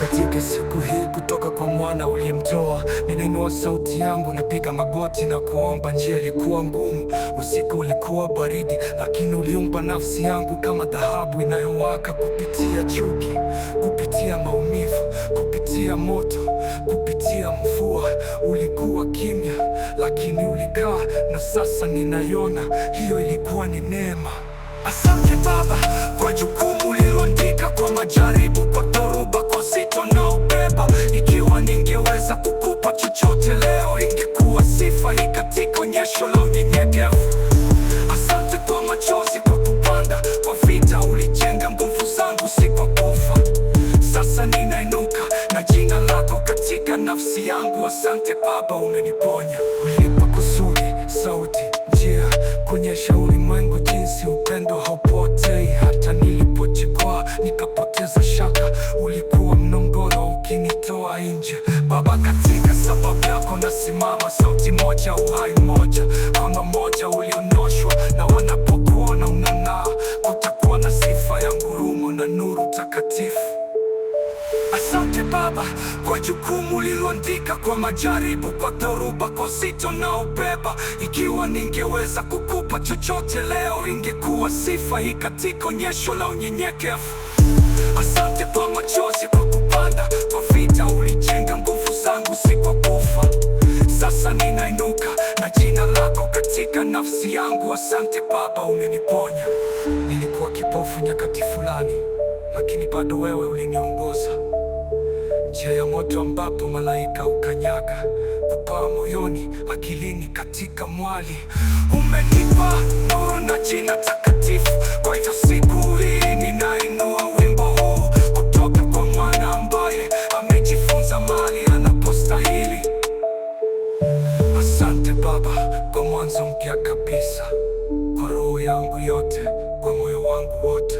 Katika siku hii kutoka kwa mwana uliyemtoa, ninainua sauti yangu, napiga magoti na kuomba. Njia ilikuwa ngumu, usiku ulikuwa baridi, lakini uliumba nafsi yangu kama dhahabu inayowaka, kupitia chuki, kupitia maumivu, kupitia moto, kupitia mvua. Ulikuwa kimya, lakini ulikaa, na sasa ninayona Hiyo ilikuwa ni neema. Asante Baba kwa jukumu lilo nafsi yangu, asante Baba, umeniponya. Ulipa kusudi, sauti, njia, kuonyesha ulimwengu jinsi upendo haupotei. Hata nilipochikwaa nikapoteza shaka, ulikuwa mnongoro ukinitoa nje. Baba, katika sababu yako nasimama, sauti moja, uhai moja anga moja ulionoshwa, na wanapokuona unang'aa, kutakuwa na sifa ya ngurumo na nuru takatifu. Asante Baba kwa jukumu liloandika, kwa majaribu, kwa dhoruba, kwa sito na ubeba. Ikiwa ningeweza kukupa chochote leo, ingekuwa sifa hii katika onyesho la unyenyekevu. Asante kwa machozi, kwa kupanda, kwa vita. Ulijenga nguvu zangu, si kwa kufa. Sasa ninainuka na jina lako katika nafsi yangu. Asante Baba, umeniponya. Nilikuwa kipofu nyakati fulani, lakini bado wewe uliniongoza njia ya moto ambapo malaika ukanyaga upaa moyoni, akilini, katika mwali. Umenipa nuru na jina takatifu, kwa hivyo siku hii ninainua wimbo huu kutoka kwa mwana ambaye amejifunza mali anapostahili. Asante Baba kwa mwanzo mpya kabisa, kwa roho yangu yote, kwa moyo wangu wote.